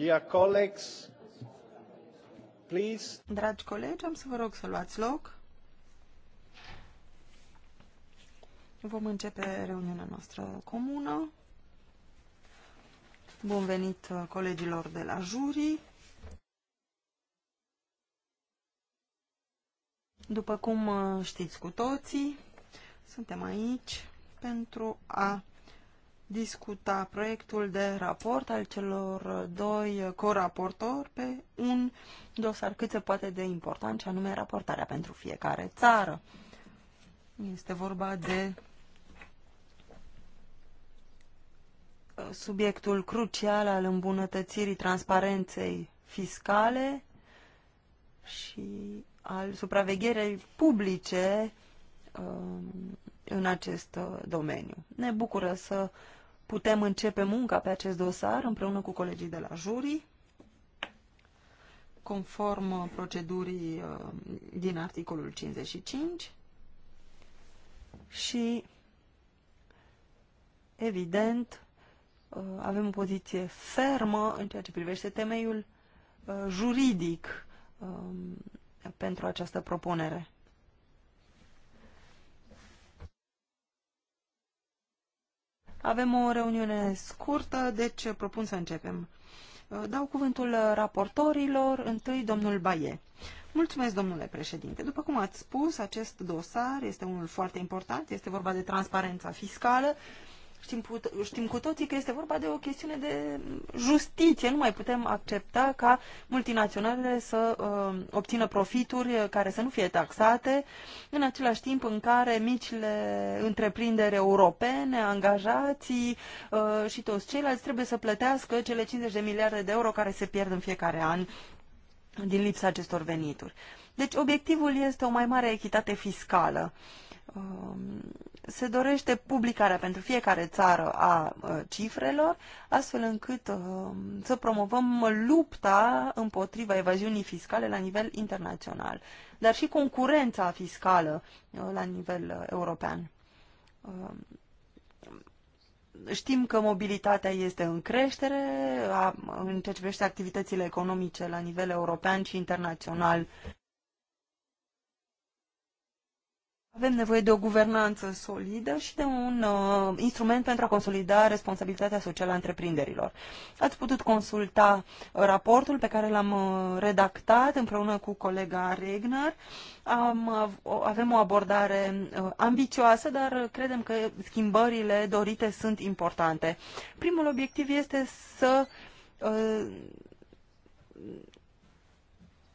Dragi colegi, am să vă rog să luați loc. Vom începe reuniunea noastră comună. Bun venit uh, colegilor de la jurii. După cum uh, știți cu toții, suntem aici pentru a discuta proiectul de raport al celor doi coraportori pe un dosar cât se poate de important, și anume raportarea pentru fiecare țară. Este vorba de uh, subiectul crucial al îmbunătățirii transparenței fiscale și al supravegherei publice uh, în acest uh, domeniu. Ne bucură să uh, putem începe munca pe acest dosar împreună cu colegii de la jurii, conform uh, procedurii uh, din articolul 55 și, evident, uh, avem o poziție fermă în ceea ce privește temeiul juridic um, pentru această propunere. Avem o reuniune scurtă, deci propun să începem. Uh, dau cuvântul raportorilor, întâi domnul Baie. Mulțumesc, domnule președinte. După cum ați spus, acest dosar este unul foarte important, este vorba de transparența fiscală Știm, știm cu toții că este vorba de o chestiune de justiție. Nu mai putem accepta ca multinaționalele să uh, obțină profituri care să nu fie taxate, în același timp în care micile întreprinderi europene, angajații uh, și toți ceilalți trebuie să plătească cele 50 de miliarde de euro care se pierd în fiecare an din lipsa acestor venituri. Deci obiectivul este o mai mare echitate fiscală. Uh, Um, se dorește publicarea pentru fiecare țară a uh, cifrelor, astfel încât um, să promovăm lupta împotriva evaziunii fiscale la nivel internațional, dar și concurența fiscală uh, la nivel uh, european. Um, știm că mobilitatea este în creștere în ceea ce privește activitățile economice la nivel european și internațional. Avem nevoie de o guvernanță solidă și de un uh, instrument pentru a consolida responsabilitatea socială a întreprinderilor. Ați putut consulta uh, raportul pe care l-am uh, redactat împreună cu colega Regner. Am, avem o abordare uh, ambițioasă, dar credem că schimbările dorite sunt importante. Primul obiectiv este să uh,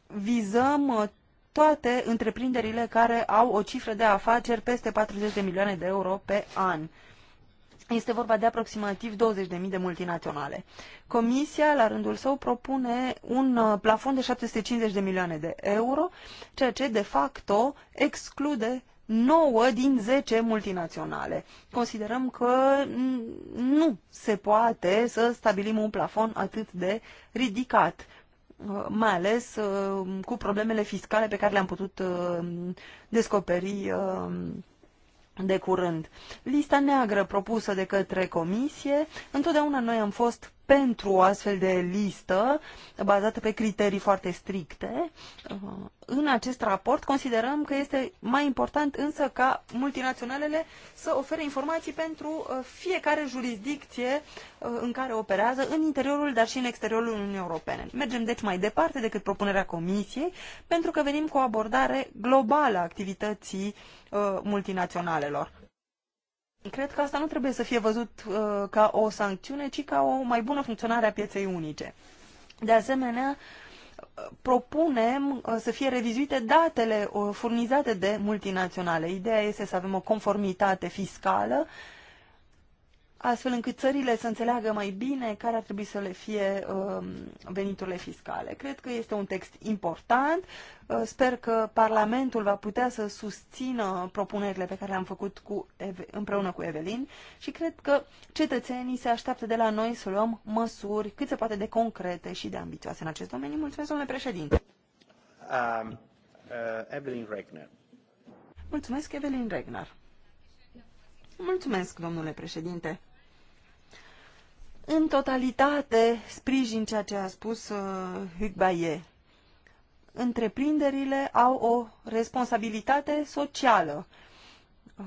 vizăm uh, toate întreprinderile care au o cifră de afaceri peste 40 de milioane de euro pe an. Este vorba de aproximativ 20.000 de multinaționale. Comisia, la rândul său, propune un uh, plafon de 750 de milioane de euro, ceea ce, de facto, exclude 9 din 10 multinaționale. Considerăm că nu se poate să stabilim un plafon atât de ridicat. Uh, mai ales uh, cu problemele fiscale pe care le-am putut uh, descoperi de curând. Lista neagră propusă de către comisie, întotdeauna noi am fost pentru o astfel de listă bazată pe criterii foarte stricte. Uh, în acest raport considerăm că este mai important însă ca multinaționalele să ofere informații pentru uh, fiecare jurisdicție uh, în care operează în interiorul, dar și în exteriorul Uniunii Europene. Mergem deci mai departe decât propunerea Comisiei pentru că venim cu o abordare globală a activității multinaționalelor. Cred că asta nu trebuie să fie văzut uh, ca o sancțiune, ci ca o mai bună funcționare a pieței unice. De asemenea, propunem uh, să fie revizuite datele uh, furnizate de multinaționale. Ideea este să avem o conformitate fiscală astfel încât țările să înțeleagă mai bine care ar trebui să le fie uh, veniturile fiscale. Cred că este un text important. Uh, sper că Parlamentul va putea să susțină propunerile pe care le-am făcut cu Eve- împreună cu Evelin și cred că cetățenii se așteaptă de la noi să luăm măsuri cât se poate de concrete și de ambițioase în acest domeniu. Mulțumesc, domnule președinte. Um, uh, Evelyn Regner. Mulțumesc, Evelyn Regner. Mulțumesc, domnule președinte. În totalitate, sprijin ceea ce a spus uh, Hugues Bayet. Întreprinderile au o responsabilitate socială. Uh,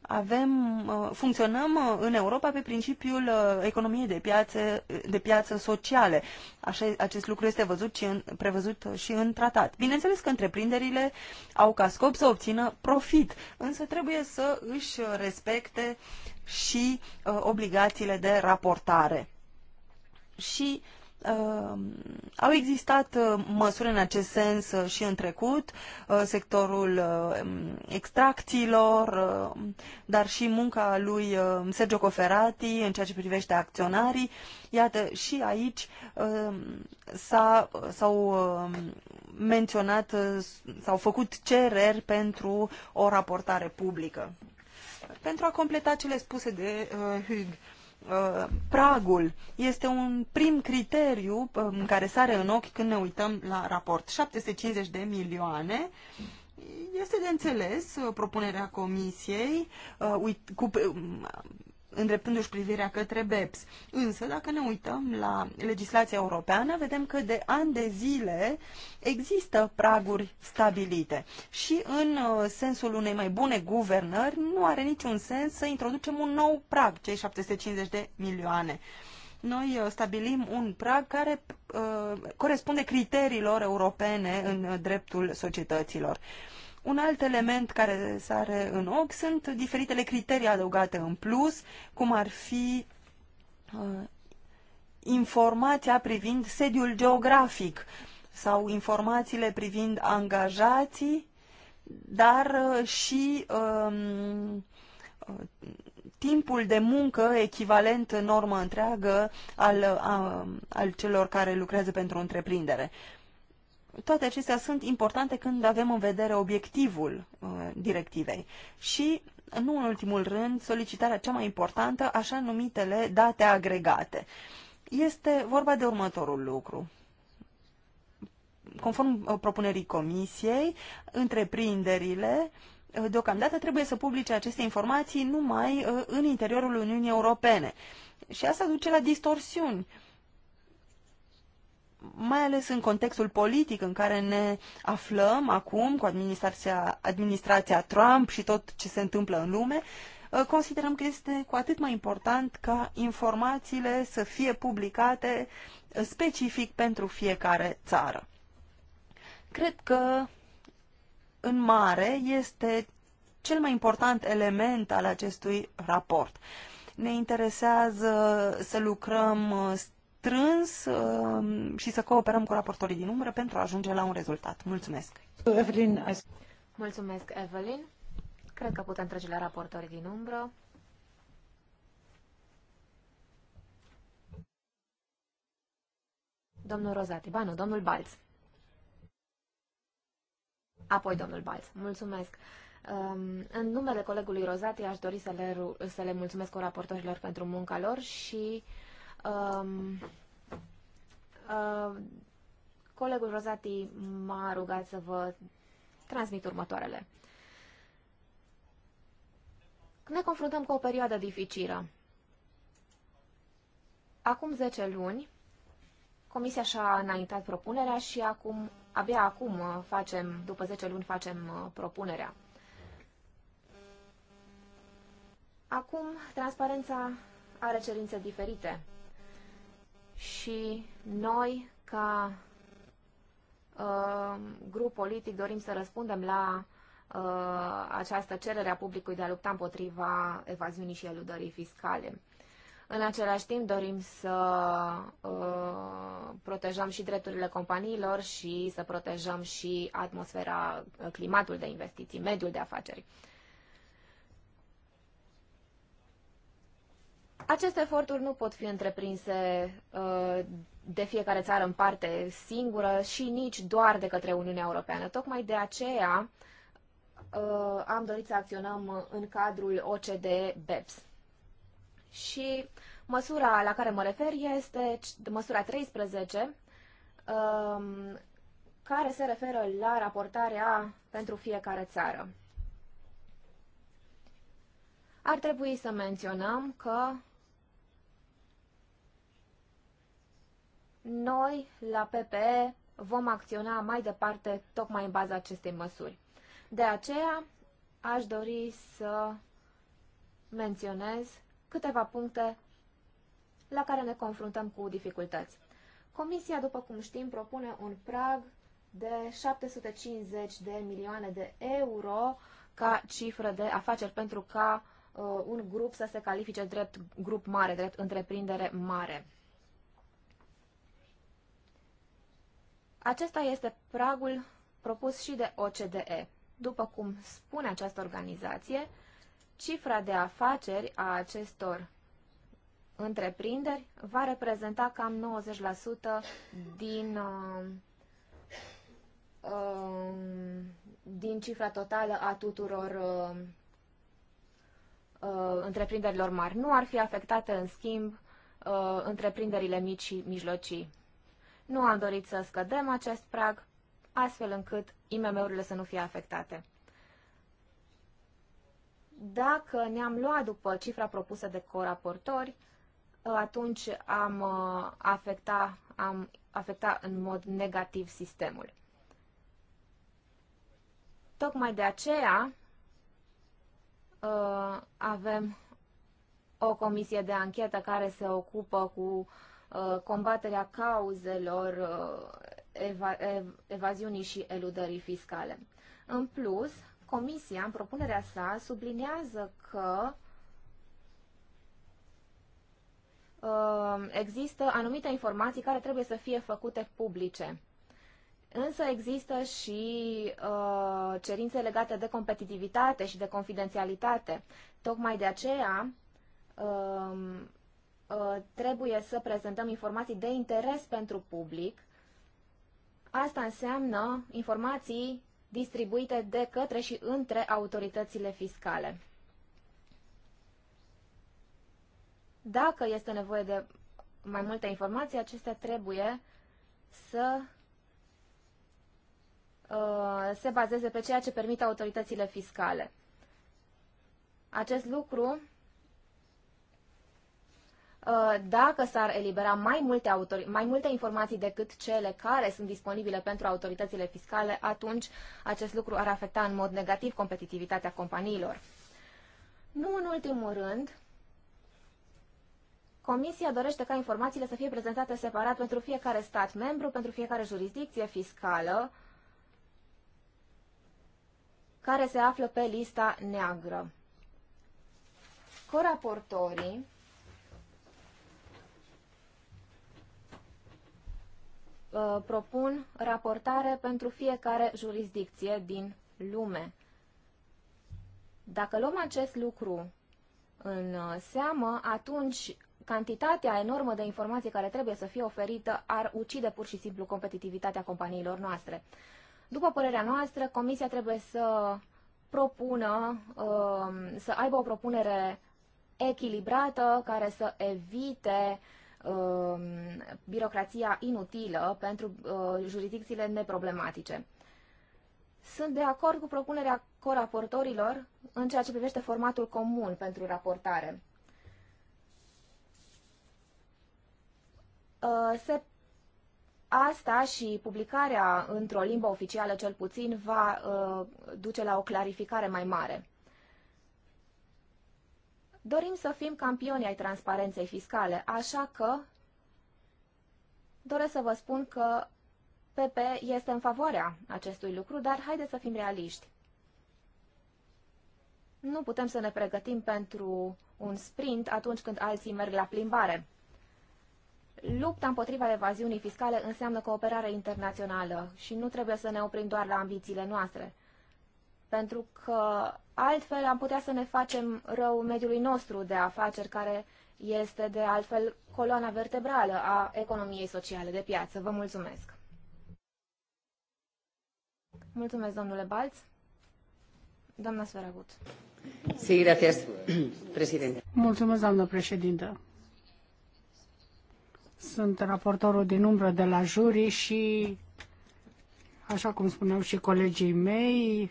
avem, uh, funcționăm uh, în Europa pe principiul uh, economiei de piață, uh, de piață sociale. Așa, acest lucru este văzut și în, prevăzut și în tratat. Bineînțeles că întreprinderile au ca scop să obțină profit, însă trebuie să își respecte uh, și uh, obligațiile de raportare. Și uh, au existat uh, măsuri în acest sens uh, și în trecut, uh, sectorul uh, extracțiilor, uh, dar și munca lui uh, Sergio Coferati în ceea ce privește acționarii. Iată, și aici uh, s-a, au uh, menționat, uh, s-au făcut cereri pentru o raportare publică pentru a completa cele spuse de uh, Hug, uh, pragul este un prim criteriu în um, care sare în ochi când ne uităm la raport. 750 de milioane este de înțeles uh, propunerea comisiei uh, uit, cu, uh, îndreptându-și privirea către BEPS. Însă, dacă ne uităm la legislația europeană, vedem că de ani de zile există praguri stabilite și în uh, sensul unei mai bune guvernări nu are niciun sens să introducem un nou prag, cei 750 de milioane noi uh, stabilim un prag care uh, corespunde criteriilor europene în uh, dreptul societăților. Un alt element care sare în ochi sunt diferitele criterii adăugate în plus, cum ar fi uh, informația privind sediul geografic sau informațiile privind angajații, dar uh, și um, uh, timpul de muncă echivalent în normă întreagă al, uh, al celor care lucrează pentru întreprindere. Uh, toate acestea sunt importante când avem în vedere obiectivul uh, directivei. Și, nu în ultimul rând, solicitarea cea mai importantă, așa numitele date agregate. Este vorba de următorul lucru. Conform uh, propunerii comisiei, întreprinderile uh, deocamdată trebuie să publice aceste informații numai uh, în interiorul Uniunii Europene. Și asta duce la distorsiuni. Uh, mai ales în contextul politic în care ne aflăm acum cu administrația, administrația Trump și tot ce se întâmplă în lume, ă, considerăm că este cu atât mai important ca informațiile să fie publicate specific pentru fiecare țară. Cred că, în mare, este cel mai important element al acestui raport. Ne interesează să lucrăm ă, strâns uh, și să cooperăm cu raportorii din umbră pentru a ajunge la un rezultat. Mulțumesc! Evelyn, Mulțumesc, Evelyn! Cred că putem trece la raportorii din umbră. Domnul Rozati, ba nu, domnul Balț. Apoi domnul Balț. Mulțumesc! Um, în numele colegului Rozati aș dori să le, să le mulțumesc cu raportorilor pentru munca lor și uh, Um, uh, colegul Rozati m-a rugat să vă transmit următoarele. Ne confruntăm cu o perioadă dificilă. Acum 10 luni, Comisia și-a înaintat propunerea și acum, abia acum uh, facem, după 10 luni, facem uh, propunerea. Acum, transparența are cerințe diferite și noi, ca uh, grup politic, dorim să răspundem la uh, această cerere a publicului de a lupta împotriva evaziunii și eludării fiscale. În același timp dorim să uh, protejăm și drepturile companiilor și să protejăm și atmosfera, uh, climatul de investiții, mediul de afaceri. Aceste eforturi nu pot fi întreprinse uh, de fiecare țară în parte singură și nici doar de către Uniunea Europeană. Tocmai de aceea uh, am dorit să acționăm în cadrul OCDE BEPS. Și măsura la care mă refer este măsura 13, um, care se referă la raportarea pentru fiecare țară. Ar trebui să menționăm că Noi, la PPE, vom acționa mai departe tocmai în baza acestei măsuri. De aceea, aș dori să menționez câteva puncte la care ne confruntăm cu dificultăți. Comisia, după cum știm, propune un prag de 750 de milioane de euro ca cifră de afaceri pentru ca uh, un grup să se califice drept grup mare, drept întreprindere mare. Acesta este pragul propus și de OCDE. După cum spune această organizație, cifra de afaceri a acestor întreprinderi va reprezenta cam 90% din, uh, um, din cifra totală a tuturor uh, uh, întreprinderilor mari. Nu ar fi afectate, în schimb, uh, întreprinderile mici și mijlocii. Nu am dorit să scădem acest prag, astfel încât IMM-urile să nu fie afectate. Dacă ne-am luat după cifra propusă de coraportori, atunci am uh, afecta, am afecta în mod negativ sistemul. Tocmai de aceea uh, avem o comisie de anchetă care se ocupă cu Uh, combaterea cauzelor uh, eva, evaziunii și eludării fiscale. În plus, Comisia, în propunerea sa, sublinează că uh, există anumite informații care trebuie să fie făcute publice. Însă există și uh, cerințe legate de competitivitate și de confidențialitate. Tocmai de aceea, uh, Uh, trebuie să prezentăm informații de interes pentru public. Asta înseamnă informații distribuite de către și între autoritățile fiscale. Dacă este nevoie de mai multe informații, acestea trebuie să uh, se bazeze pe ceea ce permit autoritățile fiscale. Acest lucru Uh, dacă s-ar elibera mai multe, autori- mai multe informații decât cele care sunt disponibile pentru autoritățile fiscale, atunci acest lucru ar afecta în mod negativ competitivitatea companiilor. Nu în ultimul rând, Comisia dorește ca informațiile să fie prezentate separat pentru fiecare stat membru, pentru fiecare jurisdicție fiscală care se află pe lista neagră. Coraportorii Uh, propun raportare pentru fiecare jurisdicție din lume. Dacă luăm acest lucru în uh, seamă, atunci cantitatea enormă de informații care trebuie să fie oferită ar ucide pur și simplu competitivitatea companiilor noastre. După părerea noastră, Comisia trebuie să propună, uh, să aibă o propunere echilibrată care să evite uh, birocratia um, birocrația inutilă pentru uh, jurisdicțiile neproblematice. Sunt de acord cu propunerea coraportorilor în ceea ce privește formatul comun pentru raportare. Uh, se Asta și publicarea într-o limbă oficială cel puțin va uh, duce la o clarificare mai mare. Dorim să fim campioni ai transparenței fiscale, așa că doresc să vă spun că PP este în favoarea acestui lucru, dar haideți să fim realiști. Nu putem să ne pregătim pentru un sprint atunci când alții merg la plimbare. Lupta împotriva evaziunii fiscale înseamnă cooperare internațională și nu trebuie să ne oprim doar la ambițiile noastre pentru că altfel am putea să ne facem rău mediului nostru de afaceri, care este de altfel coloana vertebrală a economiei sociale de piață. Vă mulțumesc! Mulțumesc, domnule Balț. Doamna Sferagut. Sí, gracias, presidente. Mulțumesc, doamnă președintă. Sunt raportorul din umbră de la juri și, așa cum spuneau și colegii mei,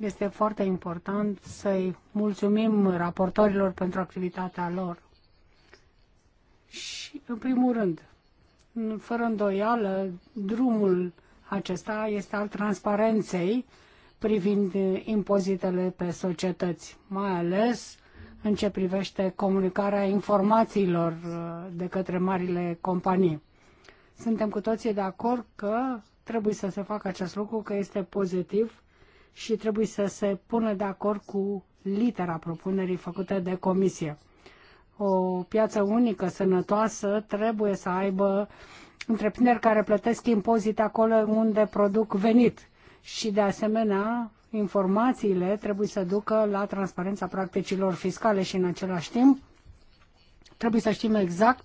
este foarte important să-i mulțumim raportorilor pentru activitatea lor. Și, în primul rând, fără îndoială, drumul acesta este al transparenței privind impozitele pe societăți, mai ales în ce privește comunicarea informațiilor uh, de către marile companii. Suntem cu toții de acord că trebuie să se facă acest lucru, că este pozitiv și trebuie să se pună de acord cu litera propunerii făcute de comisie. O piață unică, sănătoasă, trebuie să aibă întreprinderi care plătesc impozite acolo unde produc venit și, de asemenea, informațiile trebuie să ducă la transparența practicilor fiscale și, în același timp, trebuie să știm exact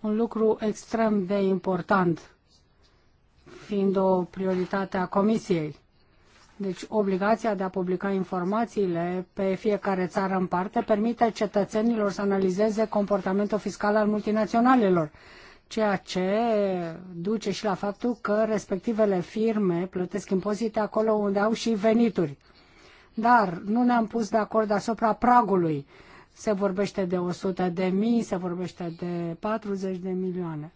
un lucru extrem de important, fiind o prioritate a Comisiei deci obligația de a publica informațiile pe fiecare țară în parte permite cetățenilor să analizeze comportamentul fiscal al multinaționalelor, ceea ce duce și la faptul că respectivele firme plătesc impozite acolo unde au și venituri. Dar nu ne-am pus de acord asupra pragului. Se vorbește de 100 de mii, se vorbește de 40 de milioane.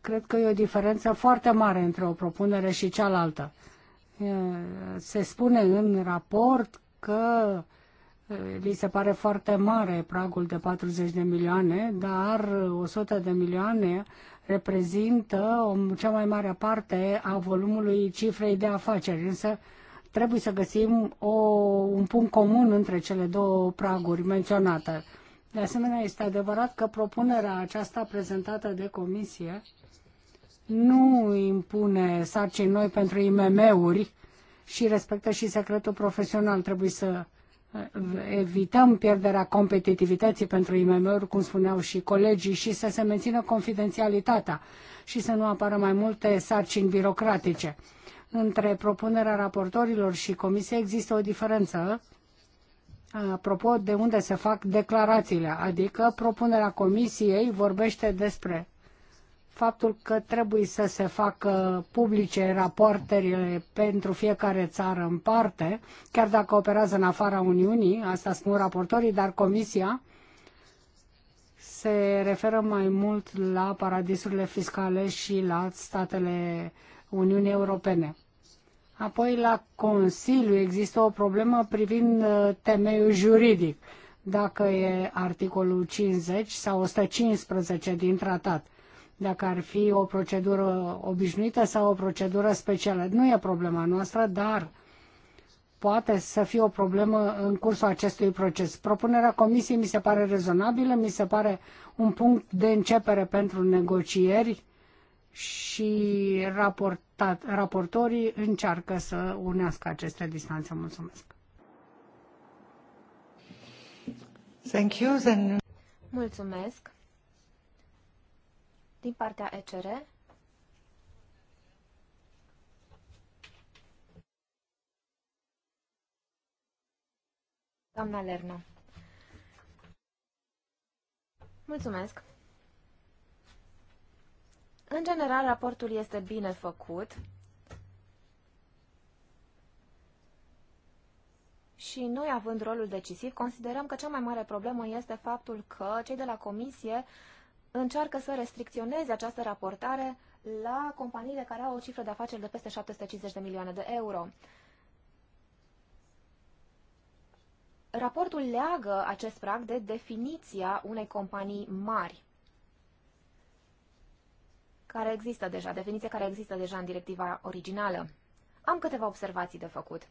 Cred că e o diferență foarte mare între o propunere și cealaltă se spune în raport că li se pare foarte mare pragul de 40 de milioane, dar 100 de milioane reprezintă o, cea mai mare parte a volumului cifrei de afaceri, însă trebuie să găsim o, un punct comun între cele două praguri menționate. De asemenea, este adevărat că propunerea aceasta prezentată de comisie nu impune sarcini noi pentru IMM-uri și respectă și secretul profesional. Trebuie să eh, evităm pierderea competitivității pentru IMM-uri, cum spuneau și colegii, și să se mențină confidențialitatea și să nu apară mai multe sarcini birocratice. Între propunerea raportorilor și comisie există o diferență apropo de unde se fac declarațiile, adică propunerea comisiei vorbește despre faptul că trebuie să se facă publice rapoartele pentru fiecare țară în parte, chiar dacă operează în afara Uniunii, asta spun raportorii, dar Comisia se referă mai mult la paradisurile fiscale și la statele Uniunii Europene. Apoi la Consiliu există o problemă privind uh, temeiul juridic, dacă e articolul 50 sau 115 din tratat dacă ar fi o procedură obișnuită sau o procedură specială. Nu e problema noastră, dar poate să fie o problemă în cursul acestui proces. Propunerea comisiei mi se pare rezonabilă, mi se pare un punct de începere pentru negocieri și raportat, raportorii încearcă să unească aceste distanțe. Mulțumesc. Thank you, then... Mulțumesc. Din partea ECR, doamna Lerna. Mulțumesc! În general, raportul este bine făcut și noi, având rolul decisiv, considerăm că cea mai mare problemă este faptul că cei de la comisie uh, încearcă să restricționeze această raportare la companiile care au o cifră de afaceri de peste 750 de milioane de euro. Raportul leagă acest prag de definiția unei companii mari, care există deja, definiție care există deja în directiva originală. Am câteva observații de făcut.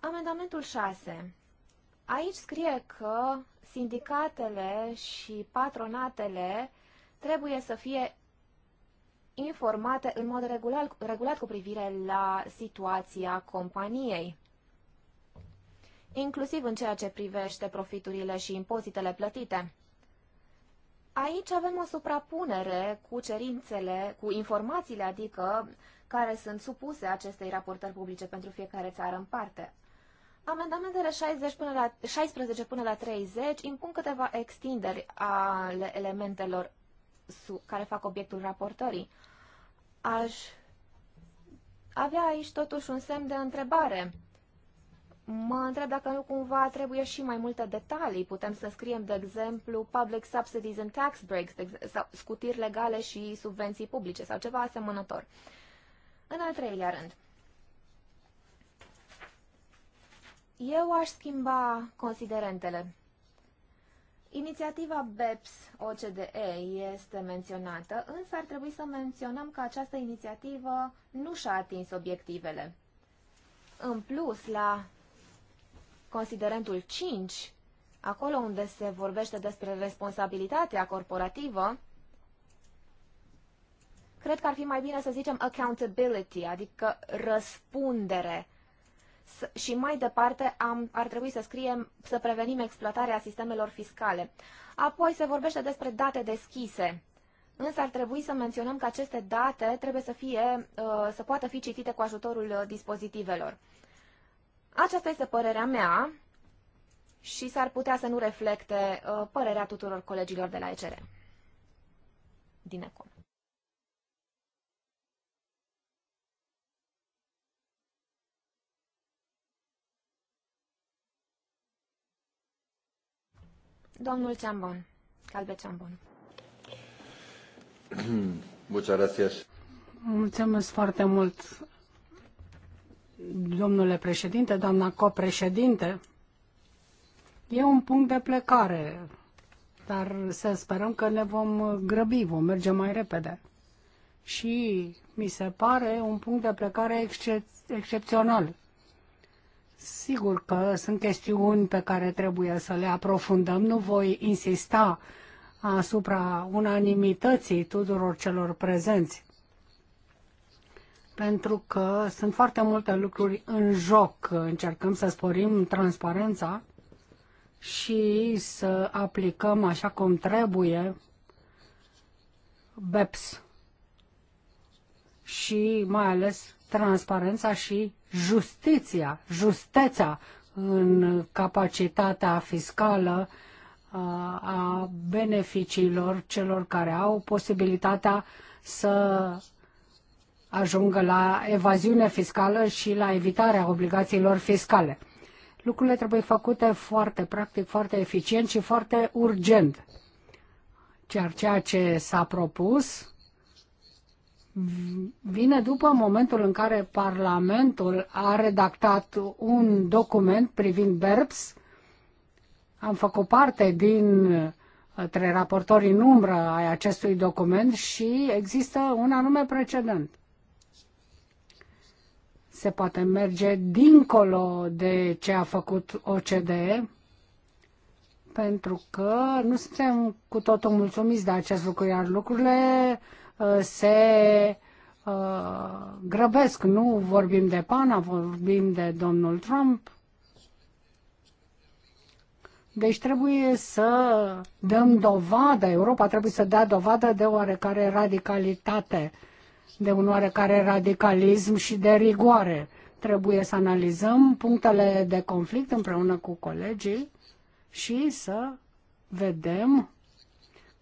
Amendamentul 6 Aici scrie că sindicatele și patronatele trebuie să fie informate în mod regulat, regulat cu privire la situația companiei, inclusiv în ceea ce privește profiturile și impozitele plătite. Aici avem o suprapunere cu cerințele, cu informațiile, adică care sunt supuse acestei raportări publice pentru fiecare țară în parte. Amendamentele 60 până la, 16 până la 30 impun câteva extinderi ale elementelor care fac obiectul raportării. Aș avea aici totuși un semn de întrebare. Mă întreb dacă nu cumva trebuie și mai multe detalii. Putem să scriem, de exemplu, public subsidies and tax breaks, sau scutiri legale și subvenții publice, sau ceva asemănător. În al treilea rând, Eu aș schimba considerentele. Inițiativa BEPS OCDE este menționată, însă ar trebui să menționăm că această inițiativă nu și-a atins obiectivele. În plus, la considerentul 5, acolo unde se vorbește despre responsabilitatea corporativă, cred că ar fi mai bine să zicem accountability, adică răspundere și mai departe am, ar trebui să scriem să prevenim exploatarea sistemelor fiscale. Apoi se vorbește despre date deschise. Însă ar trebui să menționăm că aceste date trebuie să, fie, uh, să poată fi citite cu ajutorul uh, dispozitivelor. Aceasta este părerea mea și s-ar putea să nu reflecte uh, părerea tuturor colegilor de la ECR. Din ECOM. Domnul Țambon, Calbe Țambon. Mulțumesc. Mulțumesc foarte mult, domnule președinte, doamna copreședinte. E un punct de plecare, dar să sperăm că ne vom grăbi, vom merge mai repede. Și mi se pare un punct de plecare excep- excepțional Sigur că sunt chestiuni pe care trebuie să le aprofundăm. Nu voi insista asupra unanimității tuturor celor prezenți, pentru că sunt foarte multe lucruri în joc. Încercăm să sporim transparența și să aplicăm așa cum trebuie BEPS și mai ales transparența și justiția, justeța în capacitatea fiscală uh, a beneficiilor celor care au posibilitatea să ajungă la evaziune fiscală și la evitarea obligațiilor fiscale. Lucrurile trebuie făcute foarte practic, foarte eficient și foarte urgent. Ceea ce s-a propus vine după momentul în care Parlamentul a redactat un document privind BERPS. Am făcut parte din între raportorii în umbră ai acestui document și există un anume precedent. Se poate merge dincolo de ce a făcut OCDE, pentru că nu suntem cu totul mulțumiți de acest lucru, iar lucrurile uh, se uh, grăbesc. Nu vorbim de Pana, vorbim de domnul Trump. Deci trebuie să dăm dovadă, Europa trebuie să dea dovadă de oarecare radicalitate, de un oarecare radicalism și de rigoare. Trebuie să analizăm punctele de conflict împreună cu colegii și să vedem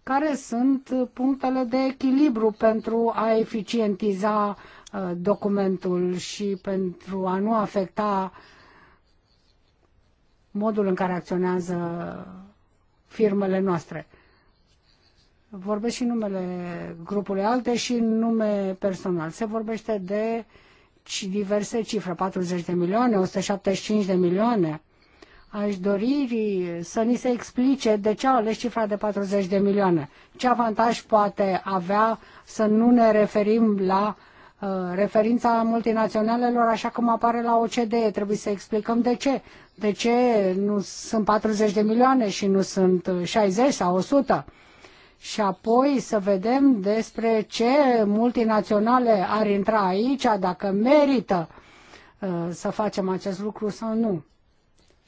care sunt punctele de echilibru pentru a eficientiza uh, documentul și pentru a nu afecta modul în care acționează firmele noastre. Vorbesc și numele grupului alte și nume personal. Se vorbește de diverse cifre, 40 de milioane, 175 de milioane. Aș dori să ni se explice de ce au ales cifra de 40 de milioane. Ce avantaj poate avea să nu ne referim la uh, referința multinaționalelor așa cum apare la OCDE? Trebuie să explicăm de ce. De ce nu sunt 40 de milioane și nu sunt 60 uh, sau 100? și apoi să vedem despre ce multinaționale ar intra aici, dacă merită uh, să facem acest lucru sau nu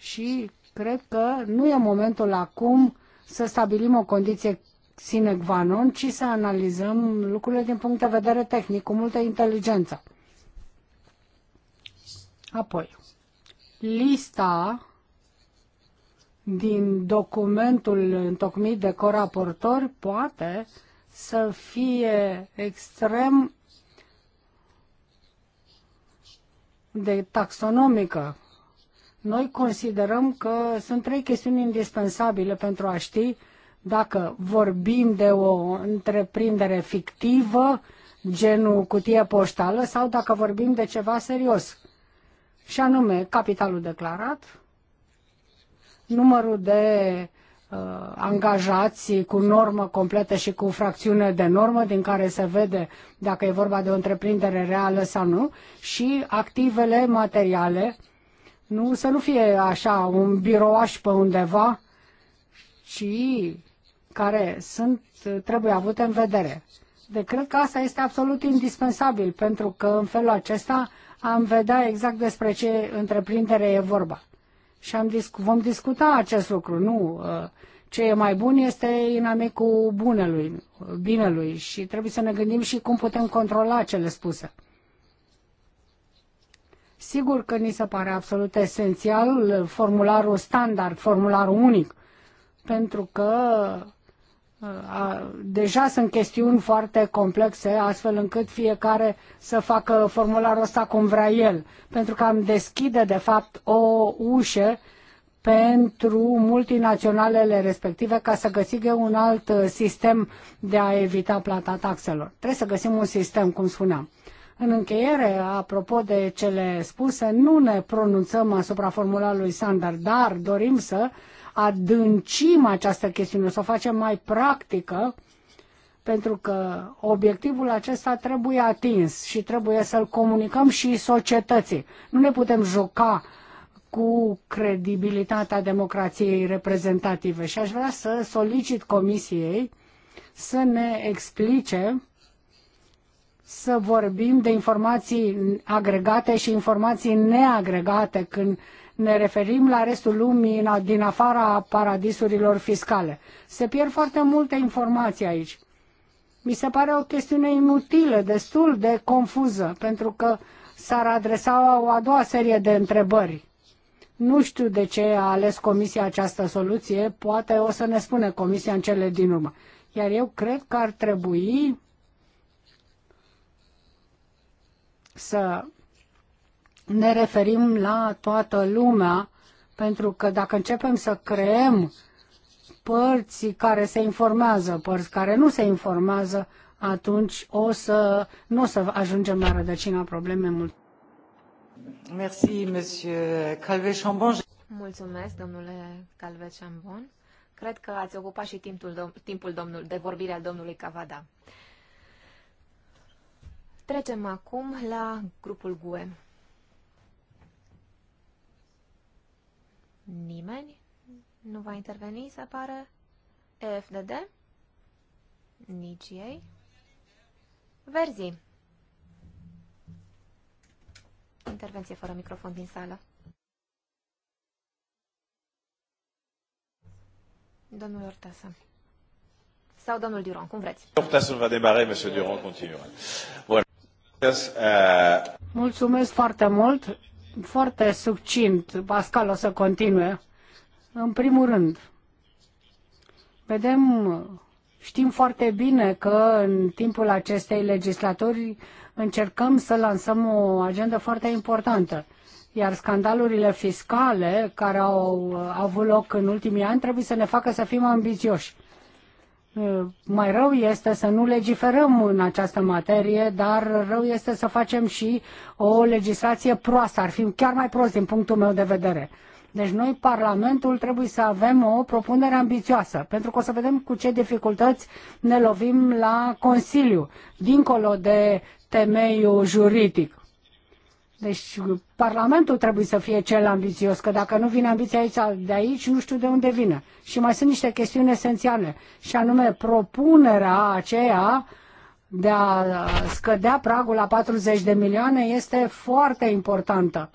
și cred că nu e momentul acum să stabilim o condiție sine qua non, ci să analizăm lucrurile din punct de vedere tehnic, cu multă inteligență. Apoi, lista din documentul întocmit de coraportori poate să fie extrem de taxonomică, noi considerăm că sunt trei chestiuni indispensabile pentru a ști dacă vorbim de o întreprindere fictivă, genul cutie poștală, sau dacă vorbim de ceva serios. Și anume, capitalul declarat, numărul de uh, angajați cu normă completă și cu fracțiune de normă, din care se vede dacă e vorba de o întreprindere reală sau nu, și activele materiale, uh, nu, să nu fie așa un birouaș pe undeva, ci care sunt, trebuie avute în vedere. De deci, cred că asta este absolut indispensabil, pentru că în felul acesta am vedea exact despre ce întreprindere e vorba. Și am disc- vom discuta acest lucru, nu? Uh, ce e mai bun este inamicul bunelui, binelui și trebuie să ne gândim și cum putem controla cele spuse. Sigur că ni se pare absolut esențial formularul standard, formularul unic, pentru că uh, a, deja sunt chestiuni foarte complexe, astfel încât fiecare să facă formularul ăsta cum vrea el, pentru că am deschide, de fapt, o ușă pentru multinaționalele respective ca să găsigă un alt sistem de a evita plata taxelor. Trebuie să găsim un sistem, cum spuneam. În încheiere, apropo de cele spuse, nu ne pronunțăm asupra formularului standard, dar dorim să adâncim această chestiune, să o facem mai practică, pentru că obiectivul acesta trebuie atins și trebuie să-l comunicăm și societății. Nu ne putem joca cu credibilitatea democrației reprezentative și aș vrea să solicit Comisiei să ne explice să vorbim de informații agregate și informații neagregate când ne referim la restul lumii din afara paradisurilor fiscale. Se pierd foarte multe informații aici. Mi se pare o chestiune inutilă, destul de confuză, pentru că s-ar adresa o a doua serie de întrebări. Nu știu de ce a ales Comisia această soluție, poate o să ne spune Comisia în cele din urmă. Iar eu cred că ar trebui să ne referim la toată lumea, pentru că dacă începem să creăm părți care se informează, părți care nu se informează, atunci o să, nu o să ajungem la rădăcina problemei mult. Merci, monsieur calvet chambon Mulțumesc, domnule Calvet-Chambon. Cred că ați ocupat și timpul, dom- timpul domnul, de vorbire al domnului Cavada. Trecem acum la grupul GUE. Nimeni nu va interveni, se pare. EFDD? Nici ei. Verzi. Intervenție fără microfon din sală. Domnul Ortasa. Sau domnul Durand, cum vreți. Ortasa va demare, monsieur Durand continuă. Voilà. Uh, Mulțumesc foarte mult, foarte succint. Pascal o să continue. În primul rând, vedem, știm foarte bine că în timpul acestei legislatori încercăm să lansăm o agendă foarte importantă. Iar scandalurile fiscale care au, au avut loc în ultimii ani trebuie să ne facă să fim ambițioși. Uh, mai rău este să nu legiferăm în această materie, dar rău este să facem și o legislație proastă. Ar fi chiar mai prost din punctul meu de vedere. Deci noi, Parlamentul, trebuie să avem o propunere ambițioasă, pentru că o să vedem cu ce dificultăți ne lovim la Consiliu, dincolo de temeiul juridic. Deci Parlamentul trebuie să fie cel ambițios, că dacă nu vine ambiția aici, de aici, nu știu de unde vine. Și mai sunt niște chestiuni esențiale, și anume propunerea aceea de a scădea pragul la 40 de milioane este foarte importantă.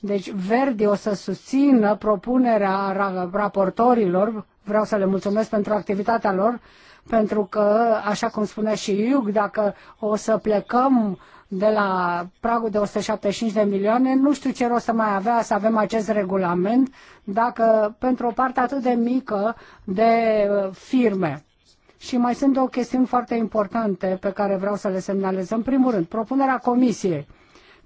Deci Verdi o să susțină propunerea raportorilor, vreau să le mulțumesc pentru activitatea lor, pentru că, așa cum spunea și Iug, dacă o să plecăm de la pragul de 175 de milioane, nu știu ce rost să mai avea să avem acest regulament dacă pentru o parte atât de mică de uh, firme. Și mai sunt două chestiuni foarte importante pe care vreau să le semnalez. În primul rând, propunerea comisiei,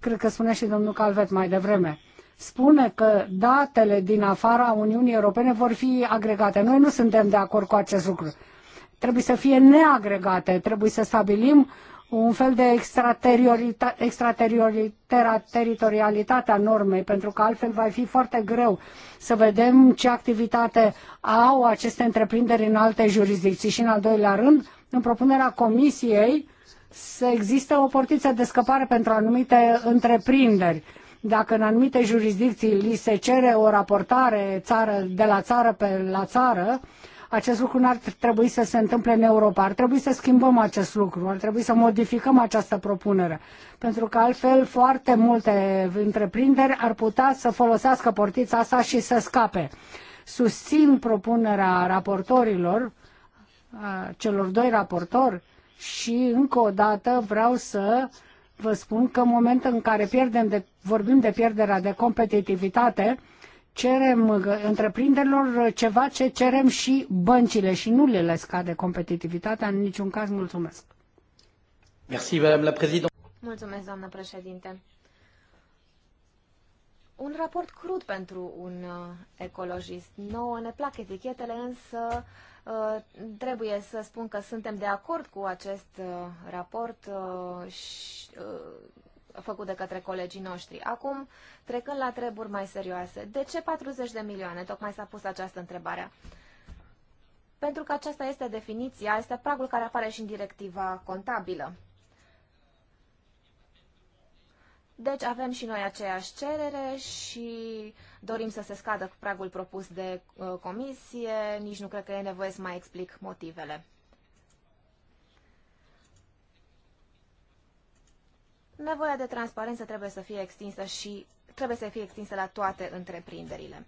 cred că spunea și domnul Calvet mai devreme, spune că datele din afara Uniunii Europene vor fi agregate. Noi nu suntem de acord cu acest lucru. Trebuie să fie neagregate, trebuie să stabilim uh, un fel de extrateritorialitate a normei, pentru că altfel va fi foarte greu să vedem ce activitate au aceste întreprinderi în alte jurisdicții. Și în al doilea rând, în propunerea Comisiei, să existe o portiță de scăpare pentru anumite întreprinderi. Dacă în anumite jurisdicții li se cere o raportare țară, de la țară pe la țară, uh, acest lucru nu ar trebui să se întâmple în Europa. Ar trebui să schimbăm acest lucru, ar trebui să modificăm această propunere. Pentru că altfel foarte multe întreprinderi ar putea să folosească portița asta și să scape. Susțin propunerea raportorilor, celor doi raportori, și încă o dată vreau să vă spun că în momentul în care pierdem de, vorbim de pierderea de competitivitate, cerem uh, întreprinderilor uh, ceva ce cerem și băncile și nu le, le scade competitivitatea în niciun caz. Mulțumesc. Merci, la Mulțumesc, doamnă președinte. Un raport crud pentru un uh, ecologist. Nouă ne plac etichetele, însă trebuie să spun că suntem de acord cu acest raport și făcut de către colegii noștri. Acum, trecând la treburi mai serioase, de ce 40 de milioane? Tocmai s-a pus această întrebare. Pentru că aceasta este definiția, este pragul care apare și în directiva contabilă. Deci avem și noi aceeași cerere și dorim să se scadă pragul propus de uh, comisie, nici nu cred că e nevoie să mai explic motivele. nevoia de transparență trebuie să fie extinsă și trebuie să fie extinsă la toate întreprinderile.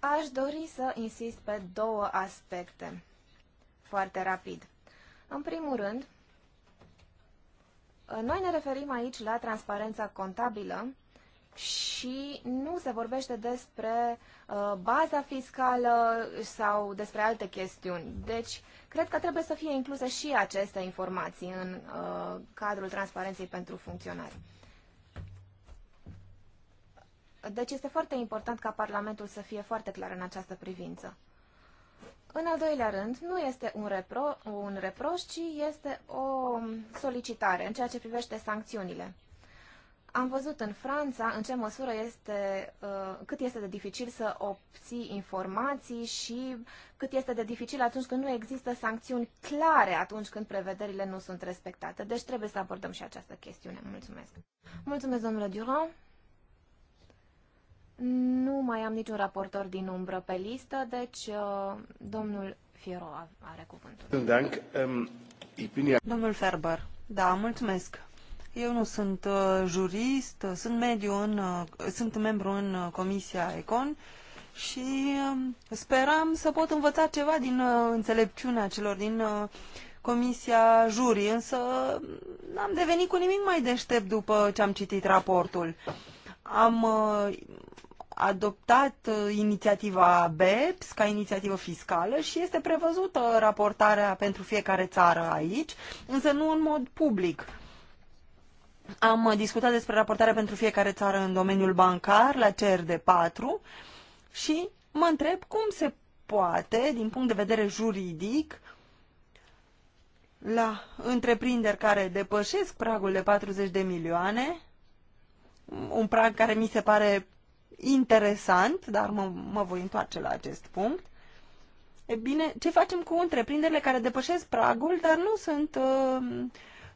Aș dori să insist pe două aspecte, foarte rapid. În primul rând, noi ne referim aici la transparența contabilă și nu se vorbește despre uh, baza fiscală sau despre alte chestiuni. Deci, cred că trebuie să fie incluse și aceste informații în uh, cadrul transparenței pentru funcționari. Deci este foarte important ca Parlamentul să fie foarte clar în această privință. În al doilea rând, nu este un, repro- un reproș, ci este o solicitare în ceea ce privește sancțiunile. Am văzut în Franța în ce măsură este, uh, cât este de dificil să obții informații și cât este de dificil atunci când nu există sancțiuni clare atunci când prevederile nu sunt respectate. Deci trebuie să abordăm și această chestiune. Mulțumesc. Mulțumesc, domnule Durand. Nu mai am niciun raportor din umbră pe listă, deci uh, domnul Fiero are cuvântul. Domnul Ferber, da, mulțumesc. Eu nu sunt uh, jurist, sunt mediu în, uh, sunt membru în uh, Comisia Econ și um, speram să pot învăța ceva din înțelepciunea celor din Comisia Jurii, însă mm, n-am devenit cu nimic mai deștept după ce am citit raportul. Am adoptat inițiativa BEPS ca inițiativă fiscală și este prevăzută raportarea pentru fiecare țară aici, însă nu în mod public. Am uh, discutat despre raportarea pentru fiecare țară în domeniul bancar la CRD4 și mă întreb cum se poate, din punct de vedere juridic, la întreprinderi care depășesc pragul de 40 de milioane, un prag care mi se pare interesant, dar mă, mă voi întoarce la acest punct. E bine, ce facem cu întreprinderile care depășesc pragul, dar nu sunt uh,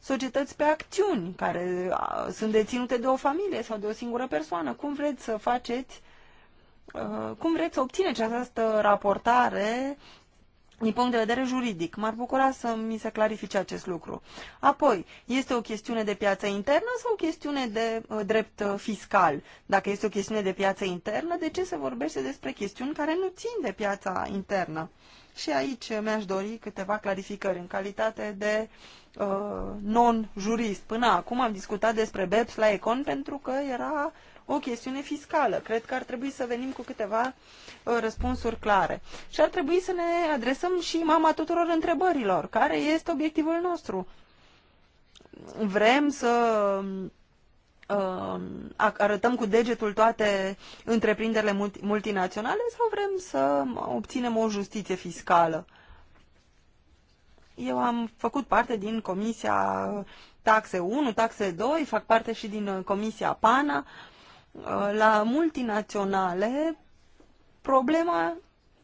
societăți pe acțiuni care sunt deținute de o familie sau de o singură persoană. Cum vreți să faceți, cum vreți să obțineți această raportare din punct de vedere juridic. M-ar bucura să mi se clarifice acest lucru. Apoi, este o chestiune de piață internă sau o chestiune de drept fiscal? Dacă este o chestiune de piață internă, de ce se vorbește despre chestiuni care nu țin de piața internă? Și aici mi-aș dori câteva clarificări în calitate de uh, non-jurist. Până acum am discutat despre BEPS la Econ pentru că era o chestiune fiscală. Cred că ar trebui să venim cu câteva uh, răspunsuri clare. Și ar trebui să ne adresăm și mama tuturor întrebărilor. Care este obiectivul nostru? Vrem să uh, arătăm cu degetul toate întreprinderile multinaționale sau vrem să obținem o justiție fiscală? Eu am făcut parte din Comisia Taxe 1, Taxe 2, fac parte și din uh, Comisia PANA. Uh, la multinaționale, problema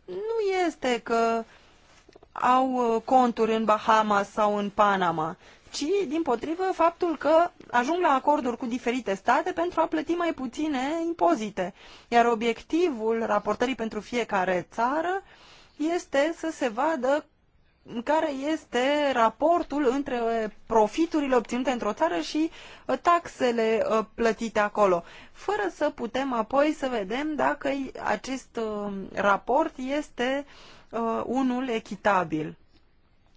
nu este că au uh, conturi în Bahamas sau în Panama, ci, din potrivă, faptul că ajung la acorduri cu diferite state pentru a plăti mai puține impozite. Iar obiectivul raportării pentru fiecare țară este să se vadă care este raportul între uh, profiturile obținute într-o țară și uh, taxele uh, plătite acolo, fără să putem apoi să vedem dacă acest raport este unul echitabil.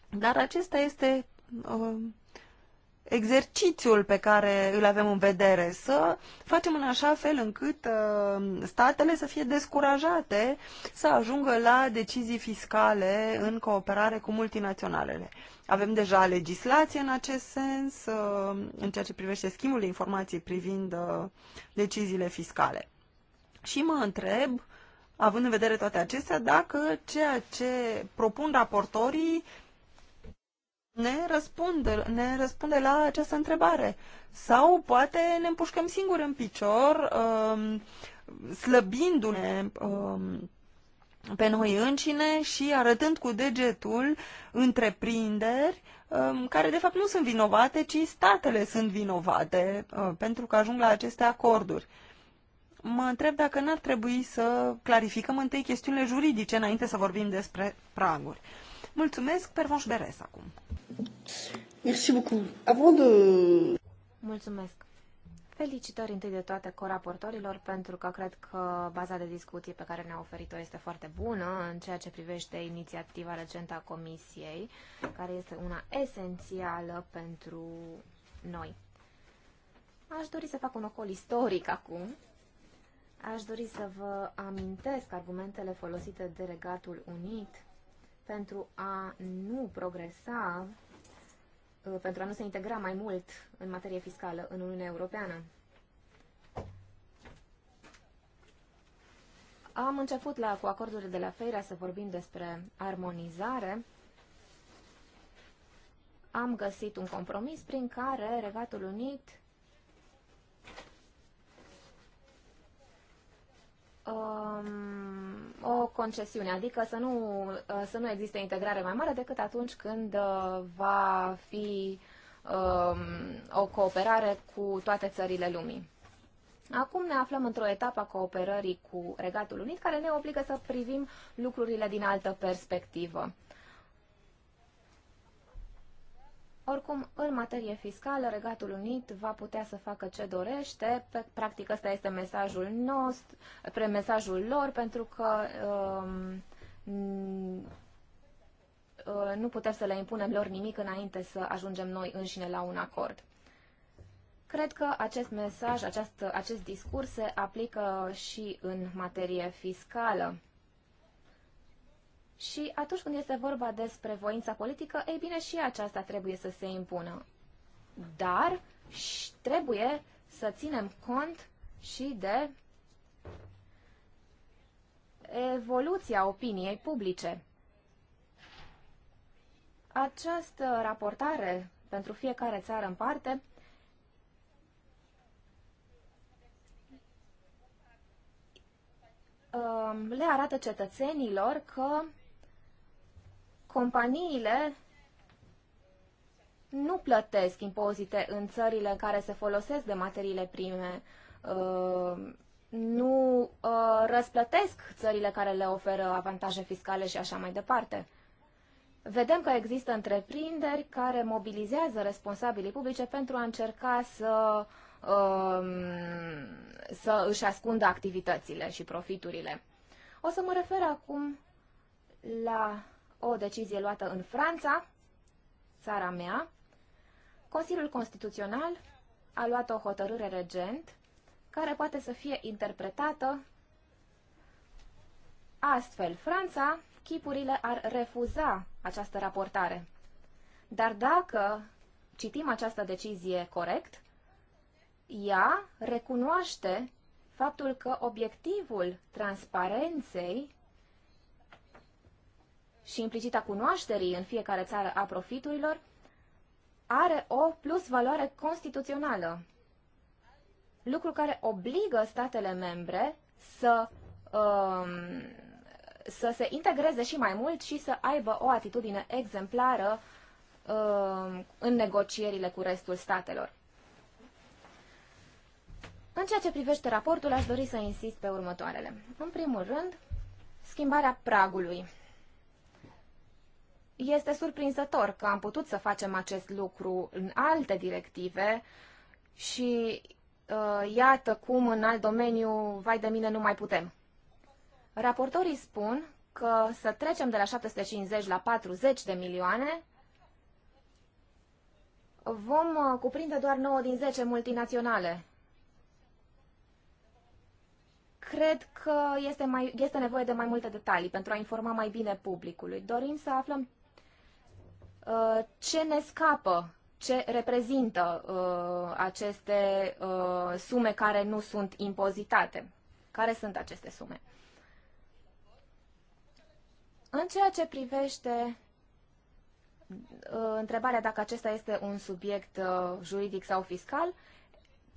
Dar acesta este exercițiul pe care îl avem în vedere, să facem în așa fel încât uh, statele să fie descurajate să ajungă la decizii fiscale în cooperare cu multinaționalele. Avem deja legislație în acest sens, uh, în ceea ce privește schimbul de informații privind uh, deciziile fiscale. Și mă întreb, având în vedere toate acestea, dacă ceea ce propun raportorii ne răspunde, ne răspunde la această întrebare. Sau poate ne împușcăm singuri în picior, um, slăbindu-ne um, pe noi încine și arătând cu degetul întreprinderi um, care de fapt nu sunt vinovate, ci statele sunt vinovate uh, pentru că ajung la aceste acorduri. Mă întreb dacă n-ar trebui să clarificăm întâi chestiunile juridice înainte să vorbim despre praguri. Mulțumesc, Pervanș Beres, acum. Merci beaucoup. Avant de... Mulțumesc. Felicitări întâi de toate coraportorilor pentru că cred că baza de discuție pe care ne-a oferit-o este foarte bună în ceea ce privește inițiativa recentă a Comisiei, care este una esențială pentru noi. Aș dori să fac un ocol istoric acum. Aș dori să vă amintesc argumentele folosite de Regatul Unit pentru a nu progresa, uh, pentru a nu se integra mai mult în materie fiscală în Uniunea Europeană. Am început la, cu acordurile de la Feira să vorbim despre armonizare. Am găsit un compromis prin care Regatul Unit um, o concesiune, adică să nu, uh, să nu existe integrare mai mare decât atunci când uh, va fi um, o cooperare cu toate țările lumii. Acum ne aflăm într-o etapă a cooperării cu Regatul Unit care ne obligă să privim lucrurile din altă perspectivă. Oricum, în materie fiscală, Regatul Unit va putea să facă ce dorește. practic, ăsta este mesajul nostru, mesajul lor, pentru că um, uh, nu putem să le impunem lor nimic înainte să ajungem noi înșine la un acord. Cred că acest mesaj, acest, acest discurs se aplică și în materie fiscală. Și atunci când este vorba despre voința politică, ei bine, și aceasta trebuie să se impună. Dar trebuie să ținem cont și de evoluția opiniei publice. Această raportare pentru fiecare țară în parte um, le arată cetățenilor că companiile nu plătesc impozite în țările în care se folosesc de materiile prime, uh, nu uh, răsplătesc țările care le oferă avantaje fiscale și așa mai departe. Vedem că există întreprinderi care mobilizează responsabilii publice pentru a încerca să, um, să își ascundă activitățile și profiturile. O să mă refer acum la o decizie luată în Franța, țara mea, Consiliul Constituțional a luat o hotărâre regent care poate să fie interpretată astfel. Franța, chipurile ar refuza această raportare. Dar dacă citim această decizie corect, ea recunoaște faptul că obiectivul transparenței și implicita cunoașterii în fiecare țară a profiturilor, are o plus valoare constituțională, lucru care obligă statele membre să, um, să se integreze și mai mult și să aibă o atitudine exemplară um, în negocierile cu restul statelor. În ceea ce privește raportul, aș dori să insist pe următoarele. În primul rând, schimbarea pragului este surprinzător că am putut să facem acest lucru în alte directive și uh, iată cum în alt domeniu, vai de mine, nu mai putem. Raportorii spun că să trecem de la 750 la 40 de milioane, vom uh, cuprinde doar 9 din 10 multinaționale. Cred că este, mai, este nevoie de mai multe detalii pentru a informa mai bine publicului. Dorim să aflăm Uh, ce ne scapă, ce reprezintă uh, aceste uh, sume care nu sunt impozitate. Care sunt aceste sume? În ceea ce privește întrebarea dacă acesta este un subiect juridic sau fiscal,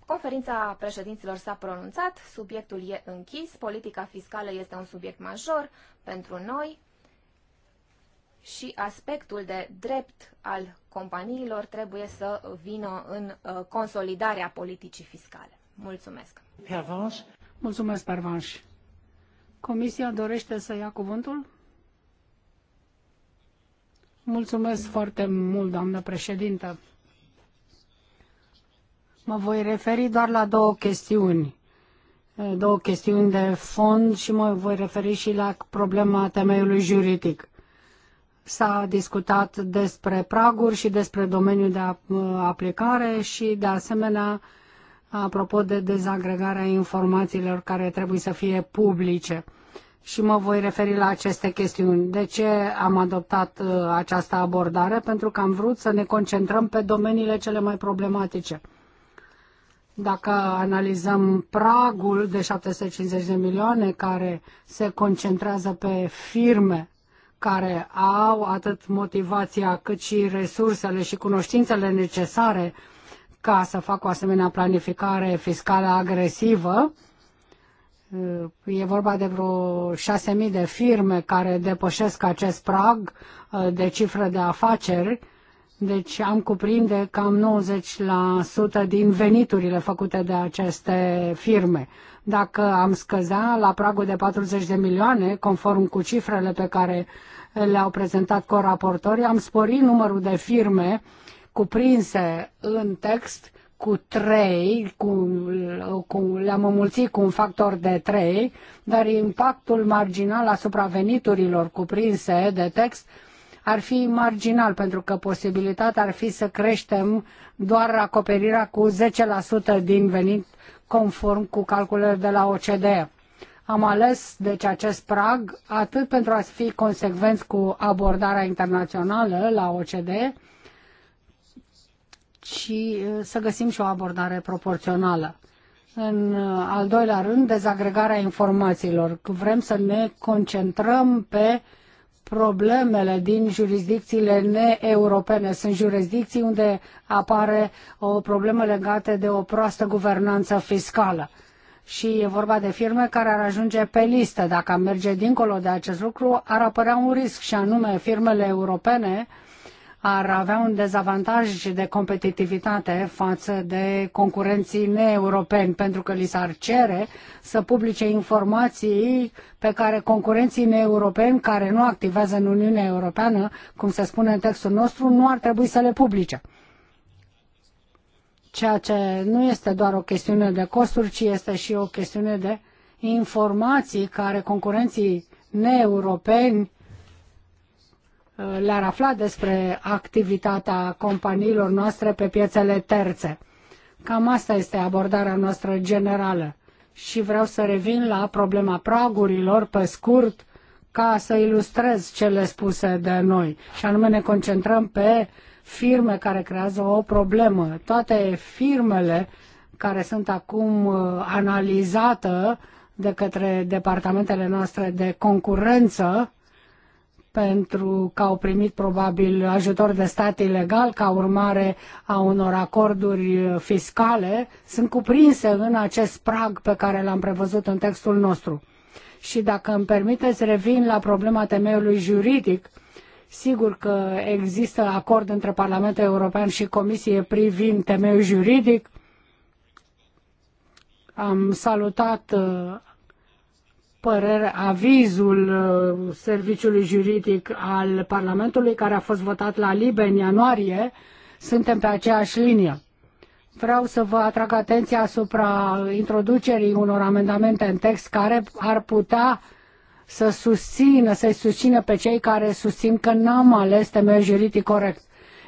conferința președinților s-a pronunțat, subiectul e închis, politica fiscală este un subiect major pentru noi, și aspectul de drept al companiilor trebuie să vină în uh, consolidarea politicii fiscale. Mulțumesc! Pervanș. Mulțumesc, Pervanș! Comisia dorește să ia cuvântul? Mulțumesc foarte mult, doamnă președintă. Mă voi referi doar la două chestiuni. Două chestiuni de fond și mă voi referi și la problema temeiului juridic. S-a discutat despre praguri și despre domeniul de aplicare și, de asemenea, apropo de dezagregarea informațiilor care trebuie să fie publice. Și mă voi referi la aceste chestiuni. De ce am adoptat uh, această abordare? Pentru că am vrut să ne concentrăm pe domeniile cele mai problematice. Dacă analizăm pragul de 750 de milioane care se concentrează pe firme care au atât motivația cât și resursele și cunoștințele necesare ca să facă o asemenea planificare fiscală agresivă. E vorba de vreo 6.000 de firme care depășesc acest prag uh, de cifră de afaceri, deci am cuprinde cam 90% din veniturile făcute de aceste firme. Dacă am scăzea la pragul de 40 de milioane, conform cu cifrele pe care le-au prezentat coraportorii, am sporit numărul de firme cuprinse în text cu 3, cu, cu, le-am înmulțit cu un factor de 3, dar impactul marginal asupra veniturilor cuprinse de text ar fi marginal, pentru că posibilitatea ar fi să creștem doar acoperirea cu 10% din venit conform cu calculele de la OCDE. Am ales deci acest prag atât pentru a fi consecvenți cu abordarea internațională la OCDE, și uh, să găsim și o abordare proporțională. În uh, al doilea rând, dezagregarea informațiilor. Vrem să ne concentrăm pe uh, problemele din jurisdicțiile neeuropene. Sunt jurisdicții unde apare o problemă legată de o proastă guvernanță fiscală. Și e vorba de firme care ar ajunge pe listă. Dacă am merge dincolo de acest lucru, ar apărea un risc și anume firmele europene uh, ar avea un dezavantaj de competitivitate față de concurenții neeuropeni, pentru că li s-ar cere să publice informații pe care concurenții neeuropeni care nu activează în Uniunea Europeană, cum se spune în textul nostru, nu ar trebui să le publice ceea ce nu este doar o chestiune de costuri, ci este și o chestiune de informații care concurenții neeuropeni Uh, le-ar afla despre activitatea companiilor noastre pe piețele terțe. Cam asta este abordarea noastră generală. Și vreau să revin la problema pragurilor, pe scurt, ca să ilustrez cele spuse de noi. Și anume ne concentrăm pe firme care creează o problemă. Toate firmele care sunt acum uh, analizate de către departamentele noastre de concurență pentru că au primit probabil ajutor de stat ilegal ca urmare a unor acorduri fiscale, sunt cuprinse în acest prag pe care l-am prevăzut în textul nostru. Și dacă îmi permiteți, revin la problema temeiului juridic. Sigur că există acord între Parlamentul European și Comisie privind temeiul juridic. Am salutat uh, părere, avizul uh, serviciului juridic al Parlamentului, care a fost votat la Libe în ianuarie, suntem pe aceeași linie. Vreau să vă atrag atenția asupra introducerii unor amendamente în text care ar putea să susțină, să-i susțină pe cei care susțin că n-am ales temeiul juridic corect.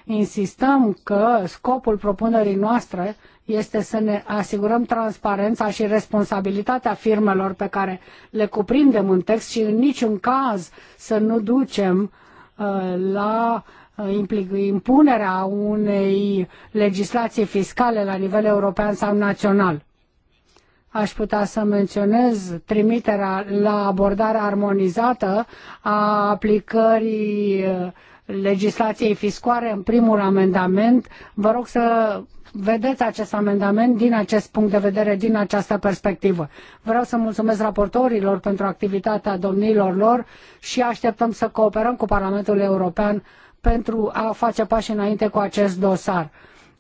Insistăm că scopul propunerii noastre este să ne asigurăm transparența și responsabilitatea firmelor pe care le cuprindem în text și în niciun caz să nu ducem uh, la uh, impunerea unei legislații fiscale la nivel european sau național. Aș putea să menționez trimiterea la abordare armonizată a aplicării uh, legislației fiscale în primul amendament. Vă rog să vedeți acest amendament din acest punct de vedere, din această perspectivă. Vreau să mulțumesc raportorilor pentru activitatea domnilor lor și așteptăm să cooperăm cu Parlamentul European pentru a face pași înainte cu acest dosar.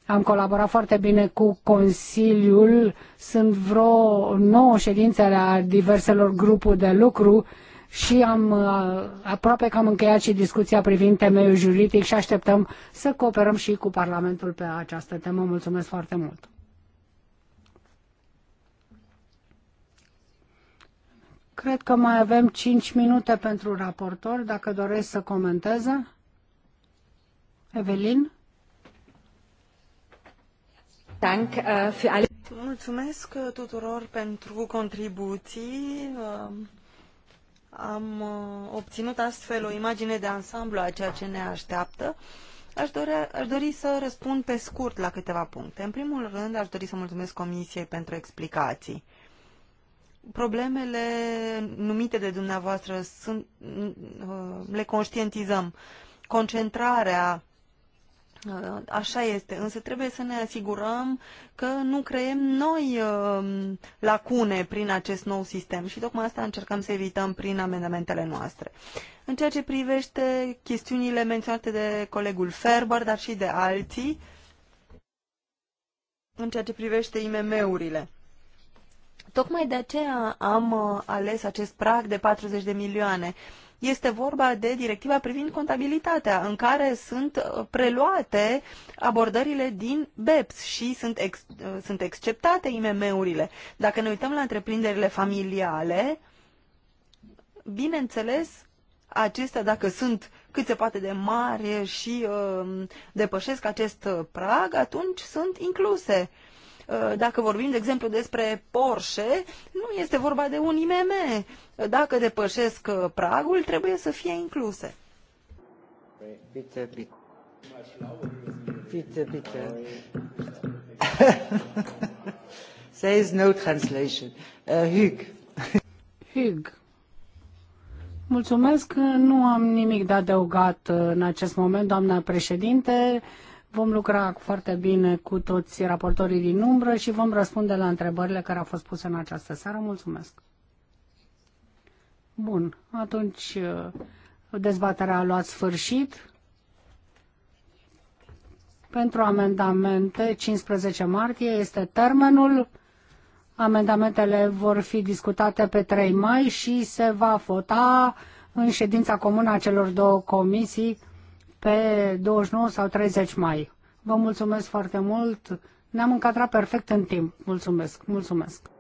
Am colaborat foarte bine cu Consiliul, sunt vreo nouă ședințe la diverselor grupuri de lucru și am uh, aproape că am încheiat și discuția privind temeiul juridic și așteptăm să cooperăm și cu Parlamentul pe această temă. Mulțumesc foarte mult! Cred că mai avem 5 minute pentru raportor, dacă doresc să comenteze. Evelin? Uh, Mulțumesc tuturor pentru contribuții. Uh, am uh, obținut astfel o imagine de ansamblu a ceea ce ne așteaptă. Aș dori, aș dori să răspund pe scurt la câteva puncte. În primul rând, aș dori să mulțumesc Comisiei pentru explicații. Problemele numite de dumneavoastră sunt, uh, le conștientizăm. Concentrarea Uh, așa este, însă trebuie să ne asigurăm că nu creăm noi uh, lacune prin acest nou sistem și tocmai asta încercăm să evităm prin amendamentele noastre. În ceea ce privește chestiunile menționate de colegul Ferber, dar și de alții, în ceea ce privește IMM-urile. Tocmai de aceea am uh, ales acest prag de 40 de milioane. Este vorba de directiva privind contabilitatea, în care sunt uh, preluate abordările din BEPS și sunt, ex, uh, sunt exceptate IMM-urile. Dacă ne uităm la întreprinderile familiale, bineînțeles, acestea, dacă sunt cât se poate de mari și uh, depășesc acest prag, atunci sunt incluse. Uh, Eh, dacă vorbim, de exemplu, despre Porsche, nu este vorba de un IMM. Dacă depășesc eh, pragul, trebuie să fie incluse. Bitte, bitte. Bitte, bitte. There is no translation. Uh, eh, Hug. Hug. Mulțumesc, nu am nimic de adăugat în acest moment, doamna președinte. Vom lucra foarte bine cu toți raportorii din umbră și vom răspunde la întrebările care au fost puse în această seară. Mulțumesc! Bun, atunci uh, dezbaterea a luat sfârșit. Pentru amendamente, 15 martie este termenul. Amendamentele vor fi discutate pe 3 mai și se va vota în ședința comună a celor două comisii pe 29 sau 30 mai. Vă mulțumesc foarte mult. Ne-am încadrat perfect în timp. Mulțumesc, mulțumesc.